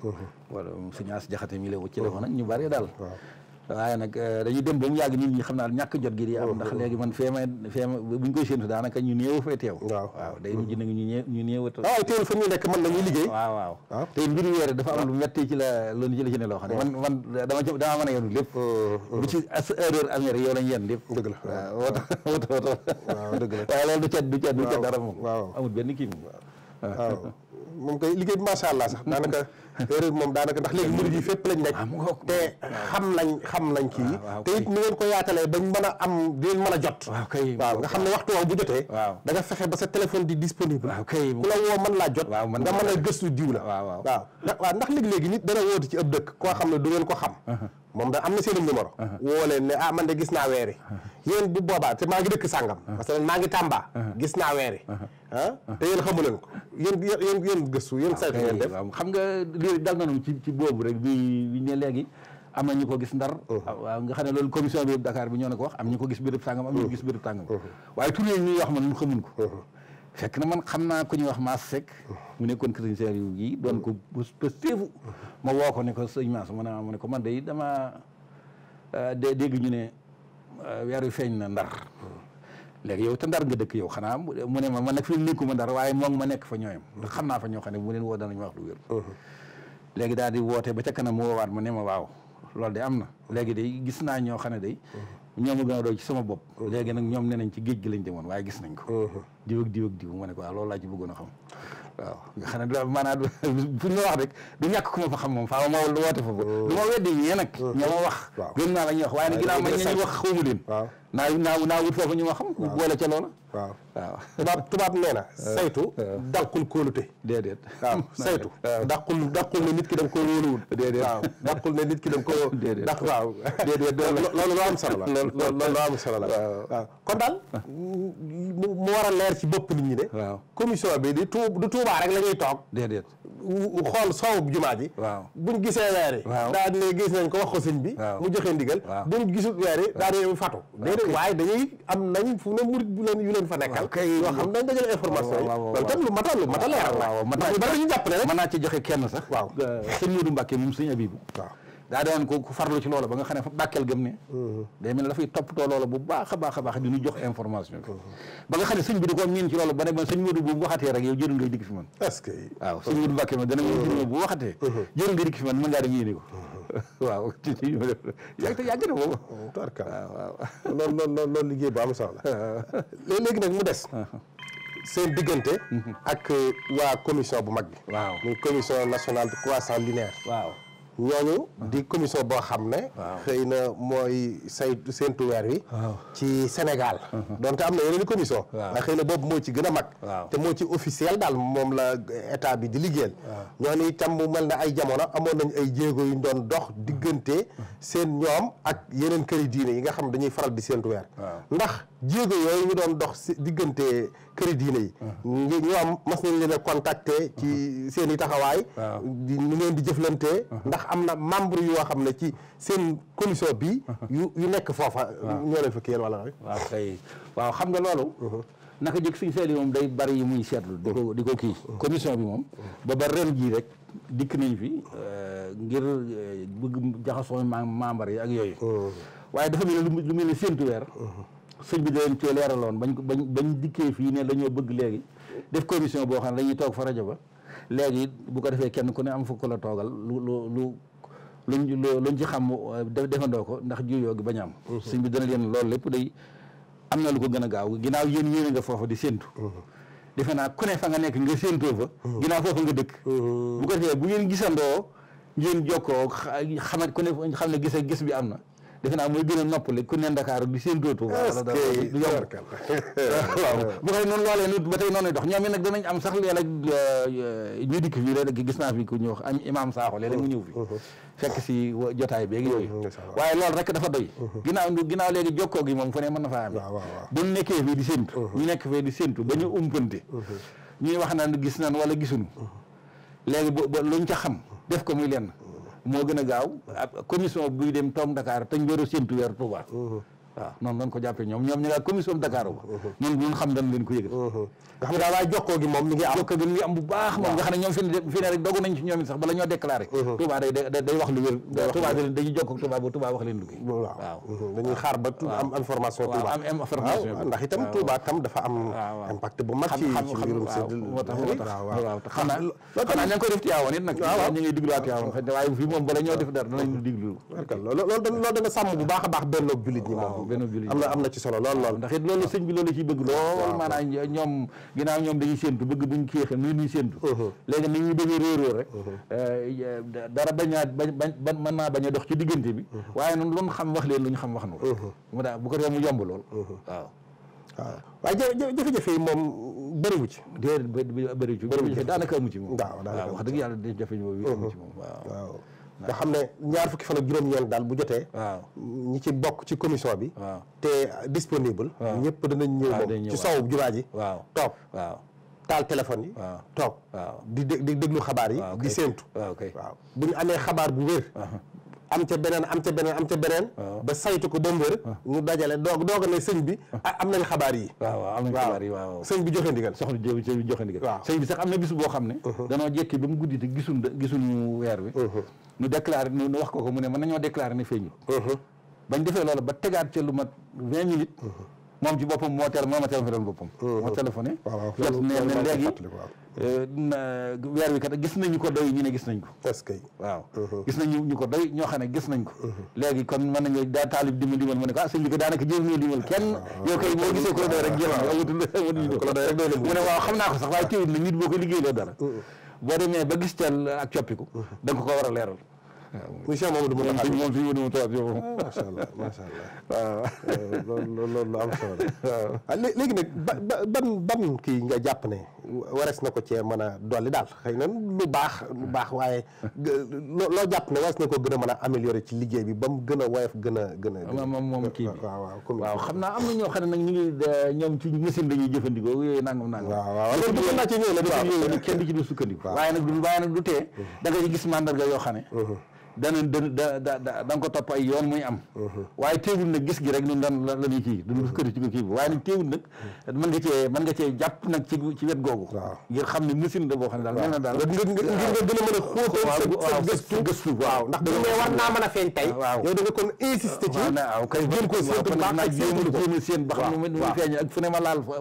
wala moom suñu as jaxate mi la ci defoon nag ñu bari daal waaye nag euh, dañuy dem ba mu yàgg nit ñi xam naa ñàkk jot gi di am oh, ndax oh. léegi man fee may bu ñu koy séentu daanaka ñu néew fay teew waaw waaw day mujj nag ñu néew ñu néew waaw ah, teewul fa ñu man la ñuy liggéey waaw ah. te dafa am lu metti ci la loolu ci la ci ne loo xam ne oh. man man dama ci dama a yenn lépp bu ci as erreur amee rek yow lañ yenn lépp dëgg la waaw wota wota wota waaw dëgg la waaye loolu du ca du ca dara moom waaw amul benn kii moom koy liggéey bi macha allah sax daanaka heure moom daanaka ndax léegi murid yi fépp lañ nekk ah, te xam nañ xam nañ ah, a am di leen a jot waaw nga xam ne waxtu wax bu jotee da nga fexe ba sa téléphone di disponible ku la woo mën laa jot nga mën a gëstu diw la waaw waaw ndax léegi-léegi nit dana woote ci ab dëkk koo xam ne du ngeen ko xam uh-huh. moom da am na seen numéro uh-huh. woo leen ne ah man de gis naa weeri uh-huh. yéen bu boobaa te maa ngi dëkk sàngam parce que maa ngi Tàmba gis naa weeri ah te yéen xamu leen ko yéen ngeen gëstu yéen saytu ngeen def xam nga lii dal nañu ci ci boobu rek bi bi ne léegi am na ñu ko gis ndar uh-huh. ah, nga xam ne loolu commission bi Dakar bi ñoo ne ko wax am ñu ko gis béréb sàngam am ñu ko gis uh-huh. béréb sàngam uh-huh. waaye tur yooyu ñuy wax man ñun xamuñ ko fekk na man xam naa ku ñuy wax Mass Seck mu nekkoon Serigne Saliou gi doon ko pëstéefu ma woo ko ne ko sëñ Mass mu ne ma ne ko man day dama euh, dégg ñu ne euh, weer wi feeñ na ndar léegi yow te ndar nga dëkk yow xanaa mu ne ma man nag fi mu nekkuma ndar waaye moom ma nekk fa ñooyam ndax xam naa fa ñoo xam ne bu leen woo danañ wax lu wér léegi daal di woote ba ca kanam mu woowaat ma ne ma waaw loolu de am na léegi de gis naa ñoo xam ne day ñoom a gën ci sama bopp léegi nag ñoom ne nañ ci géej gi lañ demoon waaye gis nañ ko uh-huh. diw ak diw ak diw ma ne ah, loolu laa ci bëggoon a xam waaw nga xam ne maanaam fu ñu wax rek du ñàkk ku ma fa xam moom faa ma lu woote foofu uh-huh. du ma weddi ñee nag uh-huh. ñoo ma wax gën naa la ñuy wax waaye nag ginnaaw ma ñee ñu wax xawma leen naa naa naa wut foofu ñu ma xam boole ca loola waaw tubaab tubaab nee na saytu dàqul kóolute déedéet waaw saytu dàqul ne nit ki da nga ko wóoluwul déedéet nit ki da ko déedéet dàq waaw loolu la loolu am solo la waaw kon daal mu war a leer ci bopp nit ñi de waaw commission bi di tuub du tuubaa rek la toog xool soow jumaa ji waaw buñ gisee weer yi daa ne gis nañ ko wax ko sëñ bi mu joxe ndigal buñ gisul weer yi fatu waaye dañuy am nañ fu ne murit bu leen yu leen fa nekkal leeral yoo xam dañ dajale information yi loolu tam lu mat a lu mat a leeral la ndax ñu bari dañu jàpp ne rek ci joxe kenn sax waaw sëñ Modou Mbacke moom sëñ Abibou waaw daa doon ko farlu ci loola ba nga xam ne fa bàkkeel gëm ne mhm. day mel ne dafay toppatoo loola bu baax a baax a baax di ñu jox information mhm. ba nga xam ne sëñ bi da koo miin ci loolu ba ne man sëñ Modou bu waxatee rek yow jërul ngay dikk fi man est-ce que sëñ Modou Mbacke man dana ma waxatee mhm. jërul ngay dikk fi man mën ngaa dem yéene ko waaw ci na boobu oh, tarka waaw loolu loolu loolu liggéey bu am solo la léegi nag mu des uh-huh. seen diggante ak waa commission bu mag bi waaw muy commission nationale de croissance linéaire ñooñu ah. di commission boo xam ne. xëy na mooy saytu seentu weer wi. ci Sénégal. donc am na yeneen commission. waaw xëy na boobu moo ci gën a mag. te moo ci officiel daal moom la état bi di liggéeyal. ñooñu itam mu mel na ay jamono amoon nañ ay jéego yu ñu doon dox diggante seen ñoom ak yeneen këri diine yi nga xam dañuy faral di seentu weer. ndax. jéego yooyu ñu doon dox si diggante këri diine yi. ñu ñoom mas nañ leen a ci seen i taxawaay. di ñu ngeen di jëflantee. ndax am na membre yoo xam ne ci seen commission bi. yu yu nekk foofa. ñoo leen fa wala. waaw waaw xam nga loolu. naka jëkk suñu seet yi moom day bari yi muy seetlu. di ko di ko kii commission bi moom. ba ba ren jii rek dikk nañ fi euh, ngir euh, bëgg jaxasoo membre yi ak yooyu. waaye dafa mel ne lu muy lu muy séntu weer. suñ bi daleen cee leeraloon bañ ko bañ bañ dikkee fii ne dañoo bëgg léegi def commission boo xam ne dañuy toog fa rajo ba léegi bu ko defee kenn ku ne am fukk la toogal lu lu lu luñ luñ ci xam euh, defandoo ko ndax juyoo gi bañ am mhm. sëñ bi dana leen loolu lépp day am na lu ko gën a gaaw ginnaaw yéen yéen nga foofa di séntu mhm. defe naa ku ne fa nga nekk nga séentoo fa mhm. ginnaaw foofa nga dëkk bu ko defee bu ngeen gisandoo ngeen jokkoo xamat ku ne xam ne gis gis bi am na defe naa mooy gën a noppali ku ne Ndakaaru di seen dootu wala dara du yomb waaw bu ko noonu loolee nit ba tey noonu dox ñoom it nag danañ am sax léeg-léeg euh, ñu dikk fii léeg-léeg gis naa fi ku ñu wax am imaam Sakho ñëw fi fekk si jotaay beeg yooyu mmh, waaye loolu rek dafa doy mmh. ginnaaw ginnaaw léegi jokkoo gi moom fu ne mën na faa am bu nekkee fii di séntu mmh. ñu nekk fee di séntu ba ñu umpante ñuy wax naan gis naan wala gisuñu léegi bu luñ ca xam def ko muy leen moo gën a gaaw commission buy dem toog Dakar te ñu war a séntu weer Touba. waaw noonu lañ ko jàppee ñoom ñoom ñu ngaa commission Dakar ba uh-huh. ñun ñun xam dañ leen ko yëgal uh-huh. nga xam ne daal waaye jokkoo gi moom mi ngi am jokkoo gi mi ngi am bu baax moom nga xam ne ñoom fi ne fi ne rek dogu nañ ci ñoom it sax bala ñoo déclaré uh-huh. Touba day day wax lu wér Touba da dañuy jokkoo Touba ba Touba wax leen lu wér waaw dañuy xaar ba am information Touba am information ndax itam Touba tam dafa am impact bu mag ci mbirum sëdd moo tax moo tax waaw xam naa xam naa ña ngi koy def Tiwaawan it nag ñu ngi diglu Tiwaawan xëy na waaye fii moom bala ñoo def dara danañ diglu loolu dana sàmm bu baax a baax benn jullit ñi moom am na am na ci solo lool lool ndax it loolu sëñ bi loolu ciy bëgg lool maanaam ñoom ginnaaw ñoom dañuy séentu bëgg buñ kéexee nuy nuy séentu uh-huh. léegi ni ñuy bëgg a réeróo rek uh-huh. eh, dara bañaa bañ bañ mën naa bañ a dox ci diggante bi uh-huh. waaye noonu lu ñu xam wax leen lu ñu xam wax nu mu daa bu ko dee mu yomb lool waaw waaw waaye jafe-jafe yi moom bëriwu ci déedéet bëriwu ci daanaka amu ci moom waaw wax dëgg yàlla jafe-jafe amu ci moom waaw nga xam ne ñaar fukki fan ak juróom-ñeent daal bu jotee ñi ci bokk ci commission bi te disponible ñëpp danañ ñëw ah, moom ci sow jumaa ji waaw toog waaw taal téléphone yi toog di dé déglu xabaar yi ah, di séentu ah, waaw buñu amee xabaar bu wér am ca beneen am ca beneen am ca beneen ba saytu ko ba mbër ah. ñu dajale doog doog ne sëñ bi ah. am nañ xabaar yi waaw waaw am nañ xabaar yi waaw sëñ bi joxe ndigal soxna Jóob sëñ bi joxe ndigal waaw sëñ bi sax am na bis boo xam ne uh-huh. danoo jekki ba mu guddi te gisuñ gisuñu weer bi uh-huh. ñu déclaré ñu wax ko ko mu ne mën nañoo déclaré ne feeñu uh-huh. bañ defee loolu ba tegaat ca lu ma vingt minutes moom ci boppam moo teel moo ma téléphoné boppam. Oh, moo téléphoné. waaw loolu moom euh, weer wi kat gis nañu ko doy ñu ne gis nañ ko. est que waaw. Uh-huh. gis nañu ñu ko doy ñoo xam ne gis nañ ko. Uh-huh. léegi kon mën nañu daa taalib dimbal dimbal mu ne ko ah sëñ bi ko daanaka jël ñu dimbal kenn. Ah, ah, yow kay ah. boo gisee ko doy rek jël na amatul ñu ko waaw xam naa ko sax waaye teewul na nit boo ko liggéey loo dara. Uh-huh. boo demee ba gis teel ak coppiku. da nga ko war a leeral muy Cheikh Mamadou Moutakha moom moom si Mamadou Moutakha Diop. macha loolu la. léegi nag ba ban ban kii nga jàpp ne na ko cee mën a dolli daal xëy na lu baax lu baax waaye loo jàpp ne warees na ko gën a mën a ci liggéey bi ba mu gën a woyof gën gën a. moom moom kii bi waaw waaw waaw xam naa am na ñoo xam ne nag ñu ngi ñoom ci machine ñuy jëfandikoo yooyu nangam nangam. waaw naa ci la. waaw waaw kenn du ci du sukkandiku. waaye nag du waaye nag du tee da ci gis mandarga yoo xam ne danañ da da da ko topp ay yoon muy am. Uh-huh. waaye teewul nag gis gi rek ñun daan la la ñuy kii duñu uh-huh. kër ci ko kii bi waaye nag teewul nag uh-huh. mën ga cee mën nga cee jàpp nag ci ci wet googu. ngir xam ne machine la boo xam ne daal a mën a xóotal sa gëstu waaw ndax dañu ne war naa mën a feeñ tey. waaw yow da nga ci. kay jël ko seen baax ak jéem a jéem a seen baax mu feeñ ak fu ma laal fa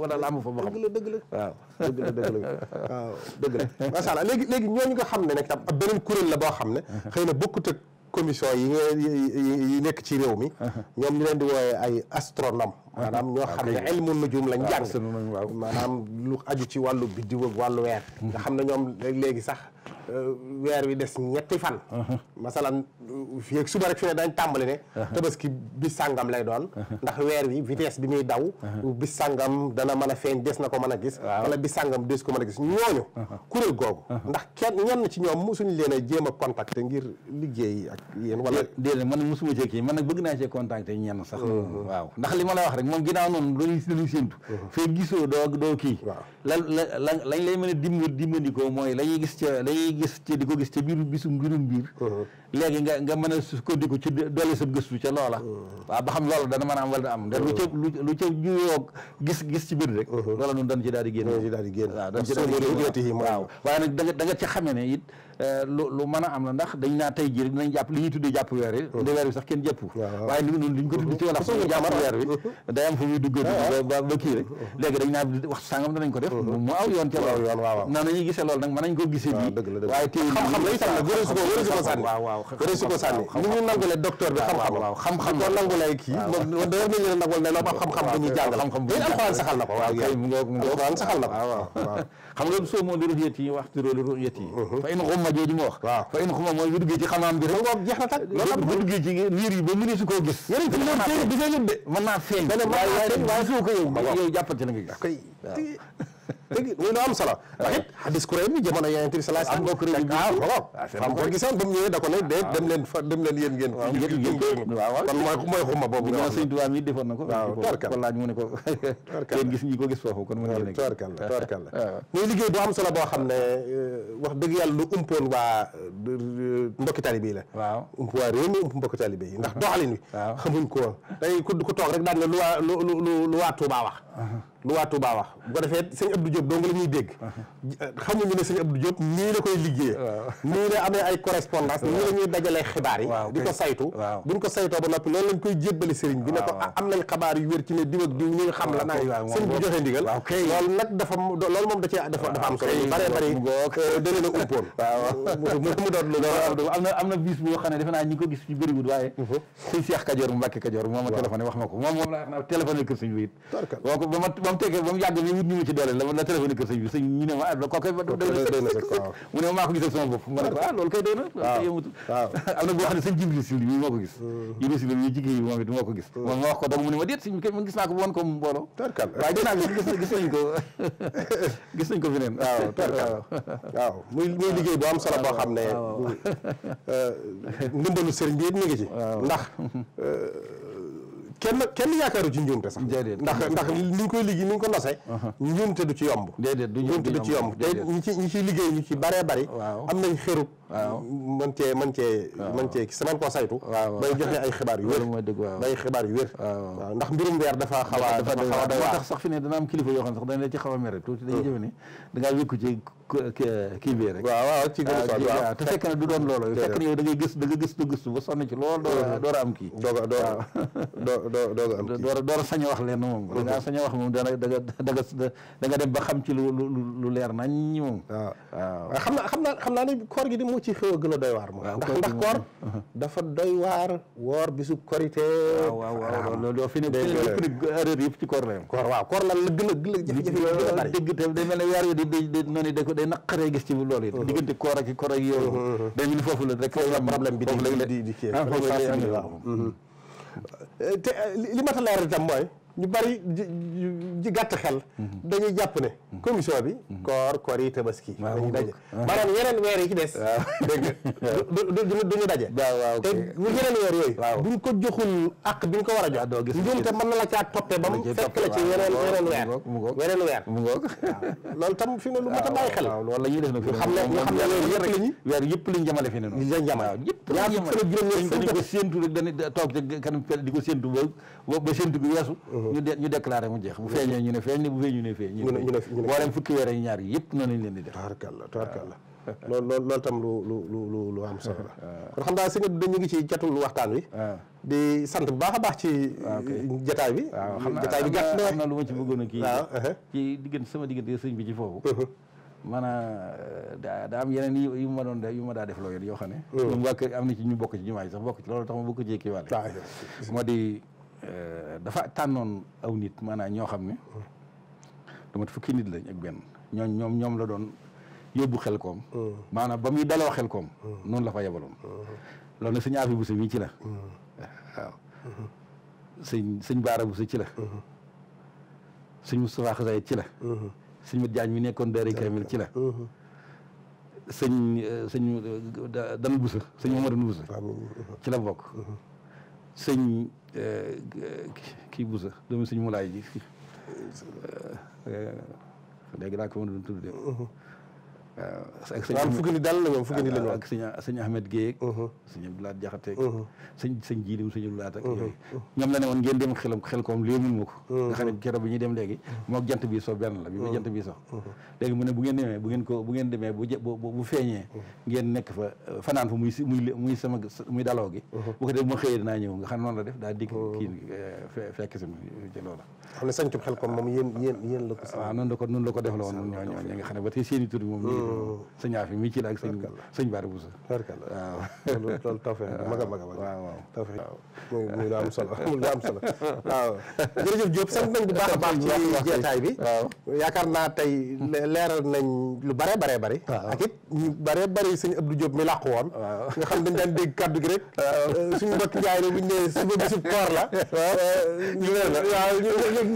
ba xam. dëgg la dëgg la waaw dëgg la dëgg la waaw dëgg la macha allah léegi nga xam ne nag ab beneen la boo xam ne uh-huh. xëy na bokkut ak commission yi nga nekk ci réew mi uh-huh. ñoom ñu leen di wooye ay astronome uh-huh. maanaam ñoo xam ne ilmu nujum lañ jàng maanaam lu aju ci wàllu biddiw ak wàllu weer nga xam ne ñoom léegi sax Euh, weer wi des ñetti fan uh-huh. masalan euh, fii ak suba rek fi ne dañ tàmbali ne uh-huh. ki bi sàngam lay doon uh-huh. ndax weer wi vitesse bi muy daw bis sàngam dana mën a feeñ des na ko mën a gis wala bis sàngam des ko mën a gis ñooñu kuréel googu ndax kenn ñenn ci ñoom mosuñu leen a jéem a contacter ngir liggéey ak yéen wala déedéet man mosuma cee kii man nag bëgg naa cee contacter ñenn sax waaw ndax li ma la wax rek moom ginnaaw noonu dañuy dañuy séntu fee gisoo doo kii la la lañ lay mën a dimbali dimbali ngay gis ci di uh-huh. a uh-huh. a am wala da am da lu ca uh-huh. da nga da nga ci xamee ne eh, lu lu mën a am la ndax dañ naa li ñuy tuddee jàpp weer nde weer bi sax kenn jàppu waaye li ñu ko tudd ci wala sax jàpp weer bi day am fu muy duggee ah. ba ba kii rek léegi dañ naa waxtu sàngam danañ ko def mu aw yoon ca lool noonu ñu gisee loolu nag mën nañ ko gisee ah, nii la waaye te xam-xam lay sànni gërës ko gërës ko sànni gërës ko sànni ni ñu nangule docteur bi xam-xam xam-xam ko nangule ay kii moom da nañu la nangul ne la am xam-xam bu ñuy jàngal xam-xam bu alxuraan saxal na ko waaw kay mu ngoog mu ngoog alxuraan saxal na ko waaw xam nga soo moo di ruyet yi waxtu loolu ruyet yi fa in xumma jooju nga wax fa in xumma mooy bu duggee ci xam-xam bi rek ngoog jeex na tag loolu bu duggee ci liir yi ba mënu si koo gis yéen ci loolu tey bi sa lépp de mën naa feeñ waaye waaye soo ko yow yow jàppante na nga gis dëgg muy lu am solo ndax it xadis kuréel bi jamono yonent bi sallallahu alayhi wasallam am ko gisoon ba mu ñëwee da ko ne déet dem leen fa dem leen yéen ngeen waaw kon mooy mooy boobu nga mi defoon na ko ko laaj mu ne ko yéen gis ñi ko la toorkal la muy liggéey bu am solo boo xam ne euh, wax dëgg yàlla lu umpoon waa euh, mbokki taalibe yi la waaw waa réew mi ump mbokki ndax doxalin wi xamuñ ko ku toog rek daan lu waa Tuubaa wax lu waa Touba wax bu ko defee sëñ Abdou Diop dong la ñuy dégg xamuñu ne sëñ Abdou Diop nii la koy liggéeyee nii la amee ay correspondance nii la ñuy dajalee xibaar yi di ko saytu buñ ko saytoo ba noppi loolu lañ koy jébbali sëriñ bi ne ko am nañ xabaar yu wér ci ne diw ak diw ñu xam la nag sëñ bi joxe ndigal loolu nag dafa loolu moom da ci dafa dafa am solo bare bari da leen a umpoon waaw mu doon loolu am na am na bis boo xam ne defe naa ñi ko gis ci bëriwul waaye uh-huh. sëñ Cheikh Kajoor mu Mbàkke Kajoor moom a téléphoné wax ma ko moom moom laa xam ne téléphoné kër sëñ bi it mu tekkee ba mu yàgg ne wut ñu ma ci dooleel la la téléphoné bi sëñ ñu ne ma ah kooku ko ah kay doy na yëmutu am na boo xam ne sëñ gis yéni si ñu jigéen yi moom it moo ko gis mm. moom ma wax ko doog mu ne ma déet sëñ ko woon ko mbooloo ko gis nañ ko fi neen waaw tarkal liggéey bu am solo boo xam ne euh, ndimbalu sëriñ bi it mi ci ndax kenn kenn yaakaaru ci njuumte sax ndax ndax ko koy liggéey ni ñu ko nosee uh-huh. njuumte du ci yomb njuumte du ci yomb ñi ci ciy liggéey ñu ci baree bari am nañ xërub mën cee mën cee mën cee gis man koo saytu bay joxe ay xibaar yu wér bay xibaar yu wér waaw ndax mbirum weer dafa xaw a dafa xaw a doy waar tax sax fi ne dana am kilifa yoo xam sax dañ la ci xaw a mere tuuti dañuy hmm. da ngaa wékku ci kii bi rek waaw waaw ci ah, waaw te fekk du doon loolu fekk na yow da ngay gëstu da nga gëstu gëstu lool door hmm. am kii doog a door a doog a am kii door a sañ a wax leen moom hmm. da ngaa sañ a wax moom dana da nga da nga da nga dem ba xam ci lu lu leer nañ moom waaw waaw ci xew a gën a doy waar moom ndax ndax koor dafa doy waar woor bisu korité waaw waaw doo fi ne erreur yëpp ci koor la yam koor waaw koor la la gën a gën a jafe-jafe dégg te day mel ne weer ko day naqaree gis ci loolu yi uh-huh. diggante koor ak koor ak yooyu uh-huh, uh-huh. day mel ni foofu la rek problème bi di di di li ma ta leeral itam mooy ñu bari ji gàtt xel mhm. dañuy jàpp ne mhm. commission bi mhm. koor koor yi tabaski dañuy daje maanaam yeneen weer yi ci des dégg nga duñu daje waaw te yeneen weer yooyu buñ ko joxul ak bi ñu ko a jox ah, doo gis njuumte mën na la caa mu weneen weer mu ngoog loolu tam fi ne lu mat a bàyyi xel loolu la ñuy def nag ñu xam ne ñu ne loolu yëpp lañu weer lañu jamale fi ne noonu lañ jamale yëpp ñaar fukk ko séentu rek toog di ko séentu boobu boobu ba séntu bi weesu mhm. ñu de ñu déclaré mu jeex bu feeñee ñu ne feeñ ne bu feeñu ne feeñ ñu ne boolem fukki weer ak ñaar yi yëpp noonu lañ leen di def tabarkalla tabarkalla loolu loolu loolu tam lu lu lu lu lu am solo la kon xam naa sëñ bi dañu ngi ci jotul waxtaan wi di sant bu baax a baax ci jataay bi jataay bi gàtt na xam naa lu ma ci bëggoon a kii uh-huh. ci diggante sama diggante sëñ bi ci foofu uh-huh. maanaam euh, daa daa am yeneen yu ma doon yu ma daa def loo yoo xam ne uh-huh. ñoom waa kër ci ñu bokk ci jumaa yi sax bokk ci loolu tax ma bokk ci kii di Euh, dafa tànnoon aw nit maanaam ñoo xam ne du fukki nit lañ ak benn ñoom ñoom ñoom la doon yóbbu xel koom mm. maanaam ba muy daloo xel koom mm. noonu la fa yebaloon mm. loolu nag sëñ Afi Buso mii ci la waaw mm-hmm. sëñ sëñ Baara Buso ci la mm-hmm. sëñ Moustapha Xasaay ci la mm-hmm. sëñ Mat Jaañ mi nekkoon Daara Kamil ci la sëñ sëñ euh, dan Buso sëñ Mamadou ci la bokk sëñ euh, kii Boussa doomu sëñ Moulay ji euh, euh, léegi laa ko mën a doon tudd waaw ak sëñ fukki ni daal la ñoom fukki la ñoom ak sëñ Ahmed Guèye uh-huh. sëñ Jiilim uh-huh. sëñ Abdoulaat ak uh-huh. ñoom la ne woon ngeen dem xelam xel koom léegi mun ma ko nga xam ne keroog ñuy dem léegi moog jant bii la bi ma jant bii mu ne bu ngeen demee bu ngeen ko bu ngeen demee bu bu feeñee ngeen fa uh, fanaan fa muy muy muy sama muy daloo gi bu ko def ma xëyee dinaa ñëw def daa dikk kii fekk si ci loola xam ne sañcub xel koom moom yéen la ko ah, waaw nga xam ne ba tey seeni tur moom sëñ Afi mi ci la ak sëñ sëñ Bara Bousso barkalla waaw loolu loolu tawfeex mag a mag a mag waaw waaw tawfeex moom moom daa am solo moom daa am solo waaw jërëjëf nañ bu baax a baax ci jeetaay bi waaw yaakaar naa tey leeral nañ lu bare bare bare ak it ñu bare bare sëñ Abdou Diop mi làqu woon nga xam dañ daan dégg kaddu gi rek euh, suñu mbokk njaay la buñ ne suba bisub koor la euh, ñu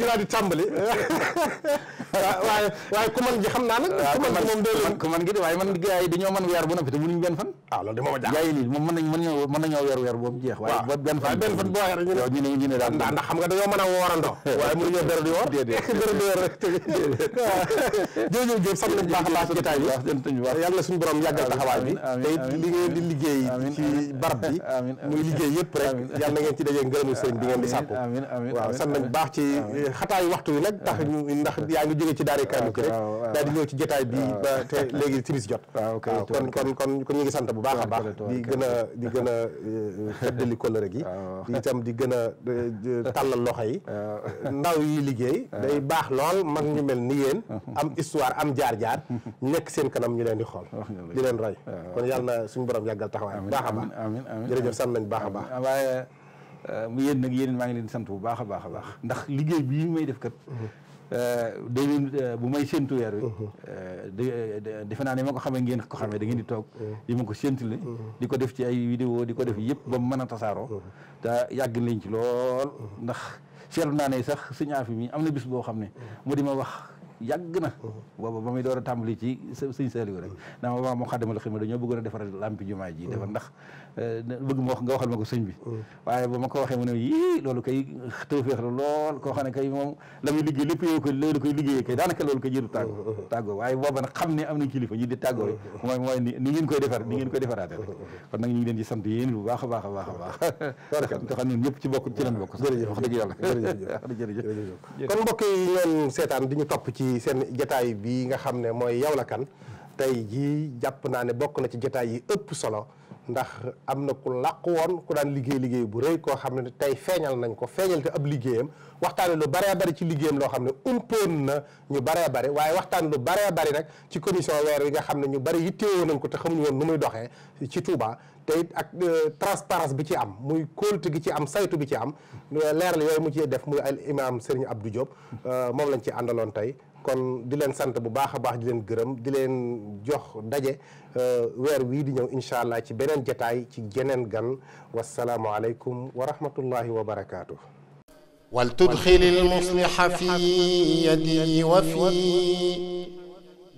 leer di tàmbali waaye ku man ji xam naa nag ku man ji moom doo leen ko man gi de waaye man gars yi dañoo mën bu noppi te fan ah loolu moom a jaaxal jaay moom mën nañ mën nañoo mën nañoo weer weer boobu jeex. waaw waaye benn fan benn fan boo waxee rek ñu daal ndax xam nga dañoo mën a woorandoo. waaye mënuñoo dara di di woor rek jërëjëf Diop baax a baax jotaay bi yàlla suñu borom yàggal taxawaay bi te li ngeen di liggéey ci barab bi muy liggéey yëpp rek yàlla na ngeen ci dajee ngërëmu sëriñ bi ngeen di sàkku waaw sant nañ baax ci xataayu waxtu wi nag tax ndax yaa ngi jóge ci daari kaamil rek daal di ñëw ci jotaay bi ba te léegi timis jot kon kon kon ñu ngi sant bu baax a baax di gën a di gën a feddali kóllëre gi ah. di itam di gën a euh, tàllal loxo yi ah. ndaw yi liggéey ah. day baax lool mag ñu mel ni yéen am histoire am jaar-jaar nekk seen kanam ñu leen di xool di leen roy kon yàlla na suñu borom yàggal taxawaay bu baax a baax jërëjëf sant nañ baax a baax waaye euh, yéen nag yéen maa ngi leen sant bu baax a baax a baax ndax liggéey bii may def kat mm-hmm. Euh, de euh, bu may séntu weer wi. Mhm. Euh, defe naa ne ma ko xamee ngeen ko xamee da ngeen di toog. yi mhm. ma ko séntule. Mhm. di ko def ci ay vidéo di ko def yëpp ba mu mën a tasaaroo. te yàgg nañ ci lool. ndax seetlu naa ne sax suñu affaire mi am na bis boo xam ne. mu di ma wax. yàgg na booba ba muy door a tàmbali ci sëñ Saliou rek dama ma waa moo xaddamala xi ma dañoo bëggoon a defar lampi jumaa ji defar ndax eh, bëgg ma wax ma ko sëñ bi waaye ba ko waxee mu ne am nañ kilifa ñi di tàggoo mm-hmm. mooy mooy ni ngeen koy defar ni ngeen koy defaraate rek kon nag a a a ñoon seetaan di ñu topp ci ci seen jataay bii nga xam ne mooy Yaw la tey jii jàpp naa ne bokk na ci jataay yi ëpp solo ndax am na ku làqu woon ku daan liggéey liggéey bu rëy koo xam ne tey feeñal nañ ko feeñal te ab liggéeyam waxtaane lu baree bari ci liggéeyam loo xam ne umpoon na ñu baree bari waaye waxtaan lu baree bari nag ci commission weer wi nga xam ne ñu bari yittewoo nañ ko te xamuñu woon nu muy doxee ci Touba te ak euh, transparence bi ci am muy kóolte gi ci am saytu bi ci am leeral yooyu mu ci def muy al imam Serigne Abdou Diop euh, moom lañ ci àndaloon tey kon di leen sant bu baax a baax di leen gërëm di leen jox daje euh, weer wii di ñëw incha allah ci beneen jataay ci geneen gan wasalaamualeykum wa rahmatullahi wa barakaatu. wal tudxilil musliha fi yadi wa fi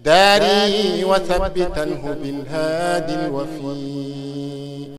daari wa thabbitanhu bil haadi al wafi